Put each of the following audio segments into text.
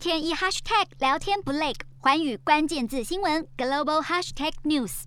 天一 hashtag 聊天不 lag，寰宇關鍵字新聞 global hashtag news。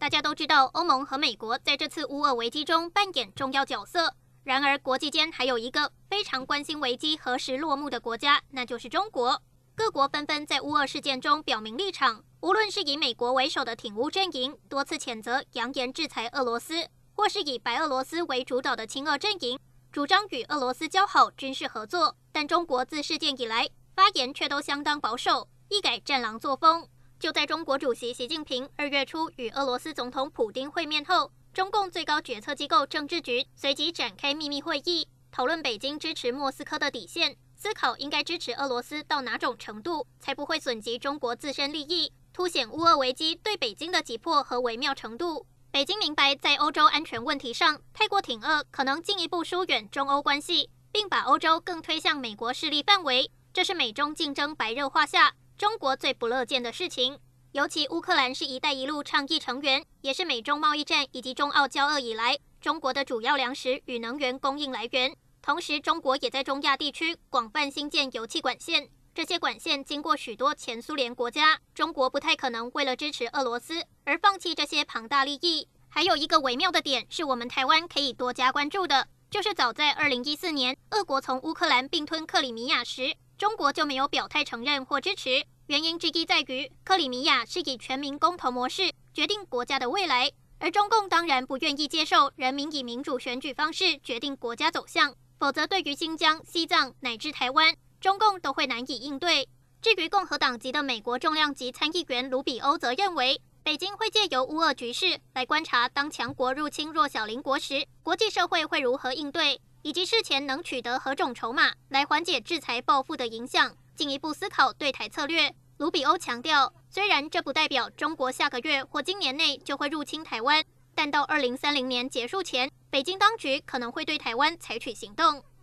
大家都知道，歐盟和美國在這次烏俄危機中扮演重要角色。然而，國際間還有一個非常關心危機何時落幕的國家，那就是中國。各國紛紛在烏俄事件中表明立場，無論是以美國為首的挺烏陣營多次譴責、揚言制裁俄羅斯，或是以白俄羅斯為主導的親俄陣營主張與俄羅斯交好、軍事合作。但中國自事件以來發言卻都相當保守，一改戰狼作風。就在中國主席習近平二月初與俄羅斯總統普丁會面後，中共最高決策機構政治局隨即展開秘密會議，討論北京支持莫斯科的底線，思考應該支持俄羅斯到哪種程度才不會損及中國自身利益，凸顯烏俄危機對北京的急迫和微妙程度。北京明白，在歐洲安全問題上，太過挺俄可能進一步疏遠中歐關係。並把歐洲更推向美國勢力範圍，這是美中競爭白熱化下中國最不樂見的事情。尤其烏克蘭是一帶一路倡議成員，也是美中貿易戰以及中澳交惡以來中國的主要糧食與能源供應來源。同時，中國也在中亞地區廣泛興建油氣管線，這些管線經過許多前蘇聯國家，中國不太可能為了支持俄羅斯而放棄這些龐大利益。還有一個微妙的點，是我們台灣可以多加關注的。就是早在二零一四年，俄國從烏克蘭併吞克里米亞時，中國就沒有表態承認或支持。原因之一在於，克里米亞是以全民公投模式決定國家的未來，而中共當然不願意接受人民以民主選舉方式決定國家走向，否則對於新疆、西藏乃至台灣，中共都會難以應對。至於共和黨籍的美國重量級參議員盧比歐則認為，北京會借由烏俄局勢來觀察，當強國入侵弱小鄰國時，國際社會會如何應對，以及事前能取得何種籌碼來緩解制裁報復的影響，進一步思考對台策略。盧比歐強調，雖然這不代表中國下個月或今年內就會入侵台灣，但到二零三零年結束前，北京當局可能會對台灣採取行動。